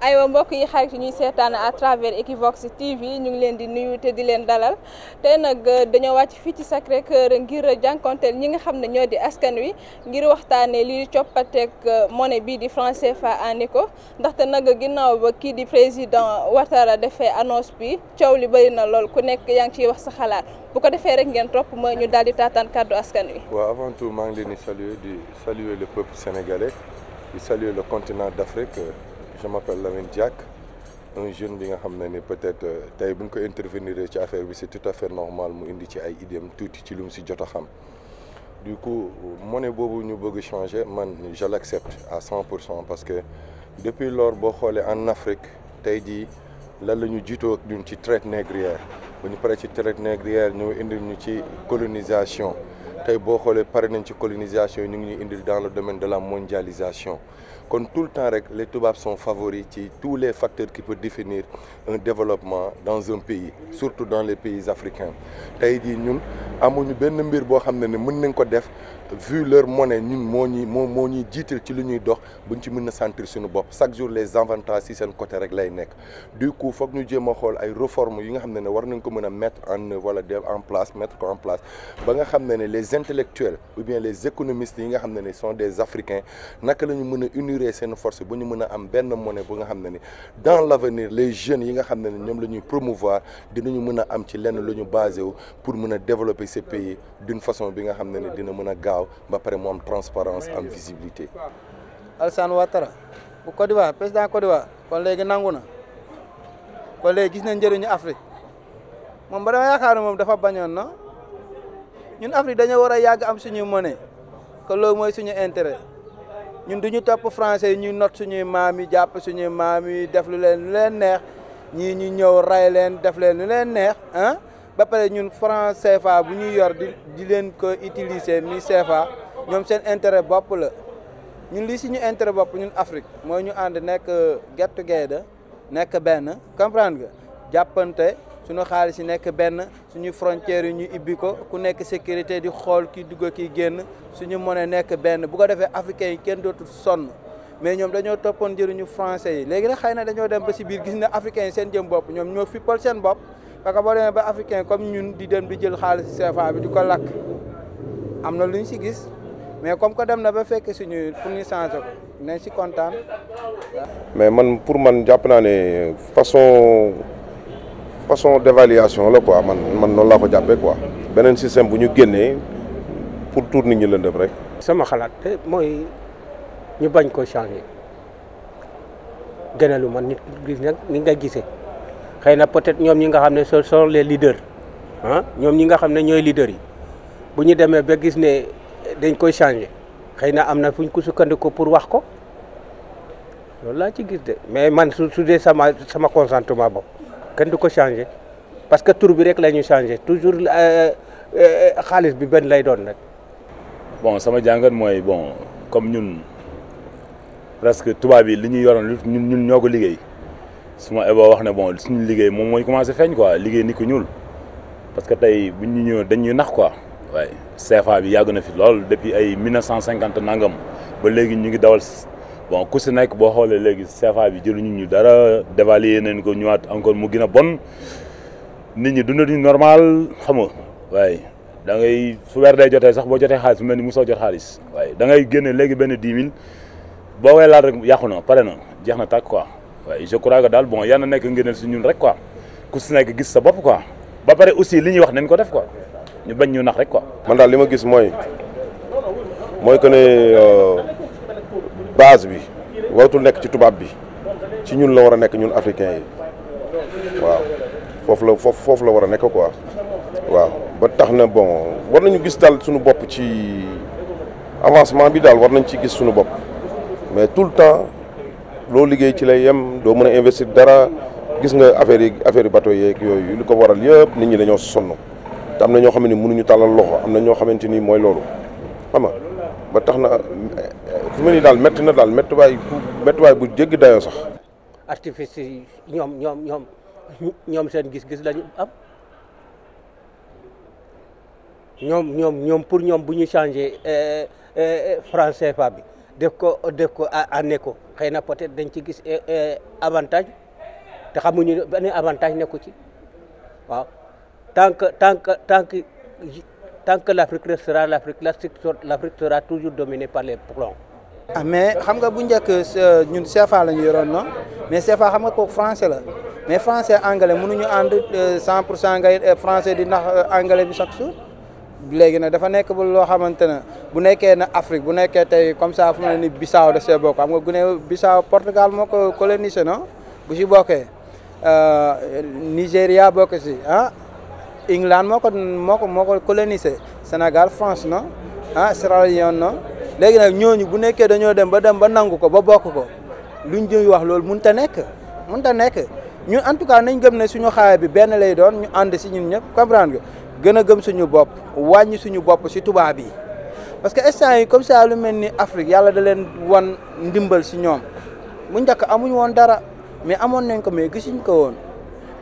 aywa mbokk yi xarit ñuy seetaan à travers Equivox TV ñu ngi leen di nuyu te di leen dalal tey nag euh, dañoo wàcc fii ci Sacré Cœur ngir jànkonteel ñi nga xam ne ñoo di askan wi ngir waxtaanee li coppateeg euh, monnaie bii di franc CFA en éco ndaxte nag ginnaaw ba kii di président Ouattara defee annonce bi coow li bëri na lool ku nekk yaa ngi ciy wax sa xalaat bu ko defee rek ngeen trop ma ñu daal di taataan kàddu askan wi. waaw avant tout maa ngi leen di saluer di saluer le peuple sénégalais di saluer le je m'appelle Lamine Diack un jeune bi nga xam ne ni peut-être euh, tey bu ñu ko intervenir ci affaire bi c'est tout à fait normal mu indi ci ay idéem tuuti ci lu mu si jot a xam du coup monnaie boobu ñu bëgg changer man je l'accepte à 100 pour cent parce que depuis lors boo xoolee en Afrique tey jii lan la ñu jiitoo ak ci traite négrière bu ñu paree ci traite négrière ñëw indil ñu ci colonisation tey boo xoolee pare nañ ci colonisation ñu ngi ñuy indil dans le domaine de la mondialisation kon tout le temps rek les tubaab sont favoris ci tous les facteurs qui peuvent définir un développement dans un pays surtout dans les pays africains tey jii ñun amuñu benn mbir boo xam ne ne mën nañ ko def vu leur monnaie ñun moo ñuy moo moo ñuy jiital ci lu ñuy dox buñ ci mën a sentir suñu bopp chaque jour les avantages ci seen côté rek lay nekk du coup foog ñu jéem a xool ay réformes yi nga xam ne ne war nañ ko mën a mettre en œuvre wala def en place mettre ko nga xam ne ne les intellectuels ou les économistes yi nga xam ne ne sont des africains naka la ñu mën a unir seen force bu ñu mën a am benn monnaie bu nga xam ne ni dans la avenir les jeunes yi nga xam ne ni ñoom la ñuy promouvoir dinañu mën a am ci lenn lu ñu basé wu pour mun a développer ce pays d' façon bi nga xam ne ni dina mën a gaaw ba pare mu am transparence am visibilité. Alassane Ouattara bu Côte d'Ivoire président Côte kon léegi nangu na kon léegi gis nañ njëriñu Afrique moom ba dama yaakaar moom dafa bañoon na ñun Afrique dañoo war a yàgg am suñu mone loolu mooy suñu intérêt. ñun du ñu topp français yi ñuy not suñuy maam yi jàpp suñuy maam yi def lu leen lu leen neex ñii ñu ñëw ray leen def leen lu leen neex ah ba pare ñun franc CFA bu ñuy yor di di leen ko utiliser mi CFA ñoom seen intérêt bopp la ñun lii suñu intérêt bopp ñun Afrique mooy ñu ànd nekk euh, get together nekk benn comprendre nga jàppante. suñu xaalis yi nekk benn suñu frontières yi ñu ibbi ko ku nekk sécurité di xool ki dugg ki génn suñu monnaie nekk benn bu ko defee africains yi kenn dootul sonn mais ñoom dañoo toppoon njëriñu français yi léegi nag xëy na dañoo dem ba si biir gis na africain yi seen jëm bopp ñoom ñoo fippal seen bopp parce que boo demee ba africain comme ñun di dem bi jël xaalis CFA bi di ko lakk am na lu ñu si gis mais comme que dem na ba fekk suñu pour ñu changer ko nañ si kontaan mais man pour man jàpp ne façon façon d'évaluation la quoi man man noonu laa ko jàppee quoi beneen système bu ñu génnee pour tuur nit ñi lëndëm rek. sama xalaat mooy ñu bañ ko changé changer lu man nit gis nag ni nga gisee xëy na peut-être ñoom ñi nga xam ne ce sont les leaders ah ñoom ñi nga xam ne ñooy leaders yi bu ñu demee ba gis ne dañ koy changé xëy na am na fu ñu ko sukkandiku pour wax ko loolu laa ci gis de mais man su su dee sama sama consentement bopp. kenn du ko changé parce que tour bi rek la ñuy changé toujours euh, euh, xaalis bi benn lay doon rek. bon sama jàngat mooy bon comme ñun presque tubaab yi li ñuy yoroon ñun ñun ñoo ko liggéey su ma eboo wax ne bon suñu liggéey moom mooy commencé feeñ ko liggéey nit ko ñuul parce que tey bu ñu ñëw dañuy nax quoi waaye CFA bi yàgg na fi lool depuis ay cinquante nangam ba léegi ñu ngi dawal. bon ku si nekk boo xoolee léegi CFA bi jëluñu ñu dara dévaluer neen ko ñëwaat encore mu gën a bon nit ñi dundatuñu normal xam nga waaye da ngay su weer day jotee sax boo jotee xaalis mu mel ni mu soo jot xaalis waaye da ngay génne léegi benn dix mille boo koy laal rek yàqu na pare na jeex na tàkk quoi waaye je crois que daal bon yal na nekk ngëneel si ñun rek ko ku si nekk gis sa bopp quoi ba pare aussi li ñuy wax nañ ko def ko ñu bañ ñu nax rek quoi. man daal li ma gis mooy que ne. Euh, base bi waratul nekk ci tubaab bi ci ñun la war a nekk ñun africains yi waaw foofu la foofu foofu la war a nekk quoi waaw ba tax na bon war nañu gis daal suñu bopp ci avancement bi daal war nañ ci gis suñu bopp mais tout le temps loo liggéey ci lay yem doo mën a investir dara gis nga affaire yi affaire bateau yeeg yooyu li ko waral yëpp nit ñi dañoo sonn te am na ñoo xam ne mënuñu tàllal loxo am na ñoo xamante ni mooy loolu xam nga ba tax na fi mu ne daal métti na daal méttiwaay bu méttiwaay bu jéggi dayoo sax. artifice yi ñoom ñoom ñoom ñoom seen gis-gis lañu am ñoom ñoom ñoom pour ñoom bu ñu changer euh, euh, euh, franc CFA bi def ko def ko en éco xëy na peut-être dañ ci gis avantage te xamuñu benn avantage nekko ci waaw tant que tant que tant que tant que l'Afrique restera l'Afrique l'Afrique sera toujours dominée par les Ah, mais xam nga bu njëkk euh, ñun CFA la ñu yoroon non mais CFA xam nga kooku français la mais français anglais mënuñu ànd 100 euh, pour cent ngay euh, français di nax anglais bi chaque jour léegi nag dafa nekk bu loo xamante ne bu nekkee na Afrique bu nekkee tey comme ça fu mu ne ni Bissau da see bokk xam nga Guinée Bissau Portugal moo ko colonisé non bu si bokkee Nigéria bokk si ah England moo ko moo ko moo ko colonisé Sénégal France non ah Sierra léegi nag ñooñu bu nekkee dañoo dem ba dem ba nangu ko ba bokk ko lu luñ jëy wax loolu mun ta nekk mun ta nekk ñun en tout cas nañ gëm ne suñu xaaya bi benn lay doon ñu ànd si ñun ñëpp comprendre nga gën a gëm suñu bopp wàññi suñu bopp si tubaab yi parce que instant yi comme ça lu mel ni Afrique yàlla da leen wan ndimbal si ñoom mu njëkk amuñ woon dara mais amoon nañ ko mais gisuñ ko woon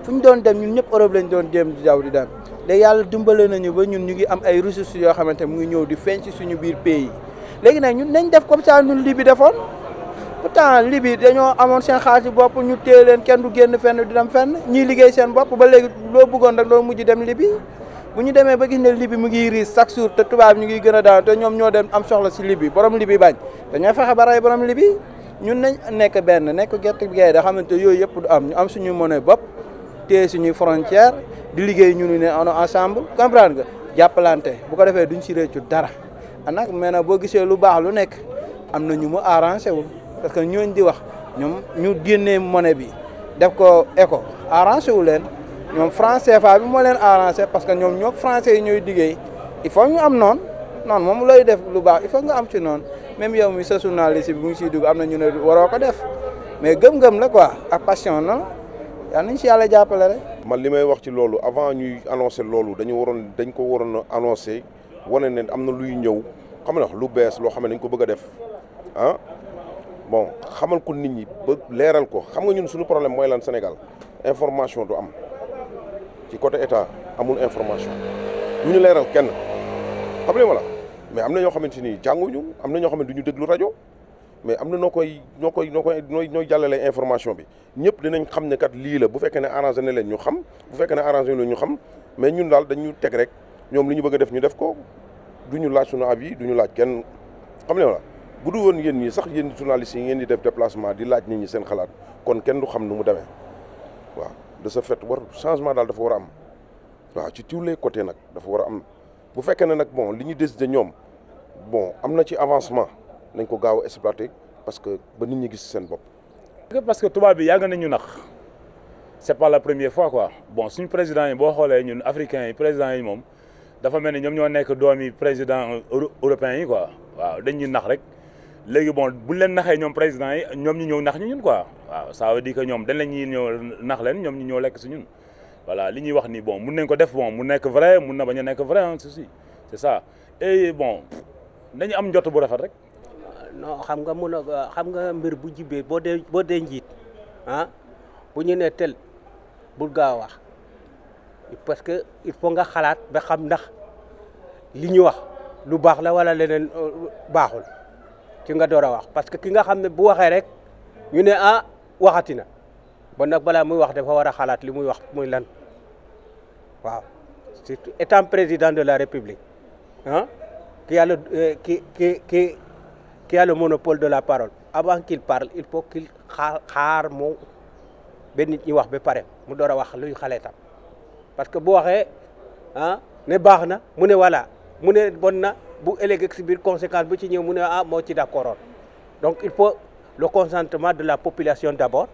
fu ñu doon dem ñun ñëpp Europe lañ doon jéem di daw di dem léegi yàlla dimbale nañu ba ñun ñu ngi am ay ressources yoo xamante mu ngi ñëw di feeñ suñu biir pays léegi nag ñun nañ def comme ça ñun li bi defoon pourtant li bi dañoo amoon seen xaalis bopp ñu téye leen kenn du génn fenn du dem fenn ñiy liggéey seen bopp ba léegi loo bëggoon rek loo mujj dem li bi bu ñu demee ba gis ne Libye mu ngi riis chaque jour te tubaab ñu ngi gën a daan te ñoom ñoo dem am soxla si Libye borom Libye bañ dañoo fexe ba rey borom Libye ñun nañ nekk benn nekk gerte gi da xamante yooyu yëpp du am ñu am suñu monnaie bopp te suñuy frontière di liggéey ñu ne on ensemble comprendre nga jàppalante bu ko defee duñ si réccu dara. Ah, nag maintenant boo gisee lu baax lu nekk am na ñu mu arrangé wul parce que ñooñ di wax ñoom ñu génnee monnaie bi def ko éco arrangé wu leen ñoom franc CFA bi moo leen parce que ñoom ñoo français yi ñooy il faut ñu am noonu noon moom looy def lu baax il faut nga am ci noonu même yow mi sa journaliste bi mu ngi siy dugg am na ñu ne waroo ko def mais gëm-gëm la ko ak passion na yal nañ si yàlla jàppale rek. man li may wax ci loolu avant ñuy annoncer loolu dañu waroon dañ ko waroon a wane ne am na luy ñëw xam nga lu bees loo xam ne dañ ko bëgg a def ah bon xamal ko nit ñi ba leeral ko xam nga ñun suñu problème mooy lan Sénégal information du am ci côté état amul information du ñu leeral kenn xam nga ma mais am na ñoo xamante ni jànguñu am na ñoo xam ne du ñu lu rajo mais am na noo koy noo koy noo koy nooy nooy jàllale information bi ñëpp dinañ xam ne kat lii la bu fekkee ne arrangé ne leen ñu xam bu fekkee ne arrangé leen ñu xam mais ñun daal dañu teg rek. ñoom li ñu bëgg a def ñu def ko du ñu laaj sunu avis du ñu laaj kenn xam ne la bu du woon yéen ñi sax yéen journalistes yi ngeen di def déplacement di laaj nit ñi seen xalaat kon kenn du xam nu mu demee waaw de ce fait war changement daal dafa war a am waaw ci tous les côtés nag dafa war a am bu fekkee ne nag bon li ñu décidé ñoom bon am na ci avancement nañ ko gaaw a exploité parce que ba nit ñi gis seen bopp. parce que tubaab bi yàgg nañu nax c'est pas la première fois quoi bon suñu président yi boo xoolee ñun africains yi président yi moom. dafa mel ni ñoom ñoo nekk doomi président européen yi quoi waaw dañ ñu nax rek léegi bon buñ leen naxee ñoom président yi ñoom ñu ñëw nax ñu ñun quoi waaw ça veut dire ñoom dañ leen ñuy ñëw nax leen ñoom ñu ñëw lekk si ñun voilà li ñuy wax ni bon mun nañ ko def bon mu nekk vrai mun na bañ a nekk vrai ah si c'est ça et bon dañu am njot bu rafet rek. non xam nga mun a xam nga mbir bu jibee boo dee boo dee njiit ah bu ñu nee tel bul gaaw wax. parce que il faut nga xalaat ba xam ndax li ñu wax lu baax la wala leneen euh, baaxul ci nga door a wax parce que ki nga xam ne bu waxee rek ñu ne ah waxati na bon nag balaa muy wax dafa war a xalaat li muy wax muy lan waaw surtout étant président de la république ah qui a le euh, qui qui qui qui a le monopole de la parole avant qu'il parle il faut qu'il xaar xaar moo ba nit ñi wax ba pare mu door a wax luy xaleetam parce que bu waxee ah ne baax na mu ne voilà mu ne bon na bu ëllëg si biir conséquence bu ci ñëw mu ne ah moo ci d'accord donc il faut le consentement de la population d'abord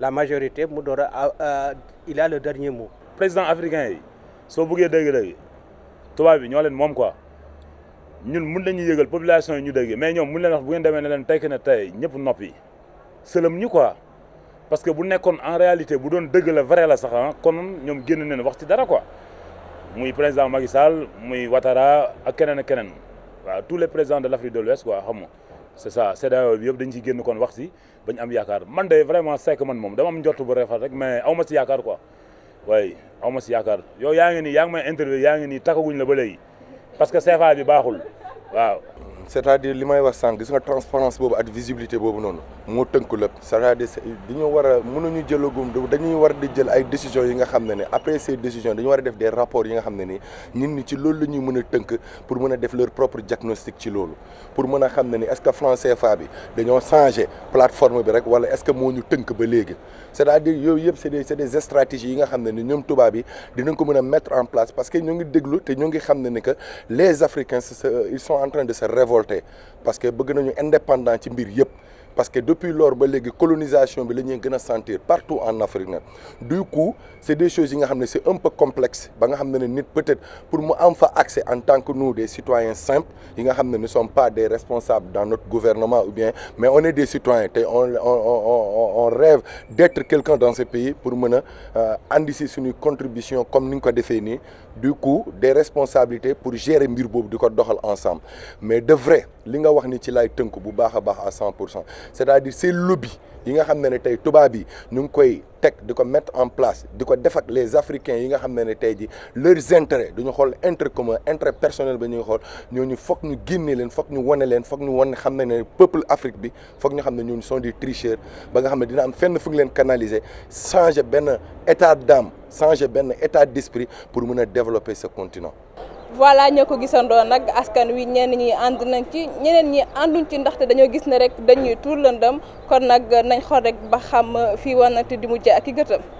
la majorité mu door a il a le dernier mot. président africain yi soo buggee dëgg-dëgg tubaab bi ñoo leen moom quoi ñun mun lañu yëgal population yi ñu dëgg mais ñoom mun leen wax bu ngeen demee ne leen tekki na tey ñëpp noppi sëlëm ñu quoi. parce que bu nekkoon en réalité bu doon dëgg la vrai la sax ah kon ñoom génn nañ wax ci dara quoi muy président Macky Sall muy Ouattara ak keneen ak keneen waaw tous les présidents de l' Afrique de l'Ouest quoi xam nga c'est ça CEDEAO bi yëpp dañ ciy génn kon wax si bañ am yaakaar man de vraiment sekk man moom dama am njort bu rafet rek mais aw ma si yaakaar quoi waaye aw ma yaa ngi ni yaa ngi may interview yaa ngi nii takkaguñ la ba léegi parce que CFA bi baaxul waaw. c'est-à-dire li may wax sànq gis nga transparence boobu ak visibilité boobu noonu moo tënk lépp c'est-à-dire dañu war a mënuñu jëlagum dañuy war di jël ay décisions yi nga xam ne ne après a xam ne ni nit ci loolu la mën a tënk pour mën a def leur propre diagnostic ci loolu pour mën a xam ne ni est-ce que franc CFA bi dañoo changé plateforme bi rek wala est-ce que moo ñu tënk ba léegi c'est-à-dire yooyu c'est des c'est yi nga xam ne ni ñoom tubaab yi ko a te ñoo ngi xam ne ni que les Africains ils révolté parce que bëgg nañu indépendant ci mbir yëpp parce que depuis lors ba léegi colonisation bi la ñuy gën a sentir partout en Afrique nag du coup c' est des choses yi nga xam ne c' est un peu complexe ba nga xam ne ne nit peut-être pour mu am fa accès en tant que nous des citoyens simples yi nga xam ne ne sommes pas des responsables dans notre gouvernement ou bien mais on est des citoyens te on on on rêve d' être quelqu'un dans ce pays pour mën a euh, si suñuy contribution comme ni nga ko defee nii du coup des responsabilités pour gérer mbir boobu di ko doxal ensemble mais de vrai li nga wax ni ci lay tënk bu baax a baax a cent pour cent c'est-à-dire ces lobbies yi nga xam ne ne tey tubaab yi ñu ngi koy teg di ko mettre en place di ko def les africains yi nga xam ne ne tey ji leurs intérêts duñu xool intérêt commun intérêt personnel ba ñuy xool ñooñu foog ñu génne leen foog ñu wane leen foog ñu wane xam ne ne peuple Afrique bi foog ñu xam ne ñooñu sont des tricheurs ba nga xam ne dina am fenn leen canaliser changer benn état d'âme changer benn état d'esprit pour mun a développer ce continent. voilà ñoo ko gisandoo nag askan wi ñenn ñi ànd nañ ci ñeneen ñi ànduñ ci ndaxte dañoo gis ne rek dañuy tuur lëndëm kon nag nañ xool rek ba xam fii te di mujj ak i gëtëm.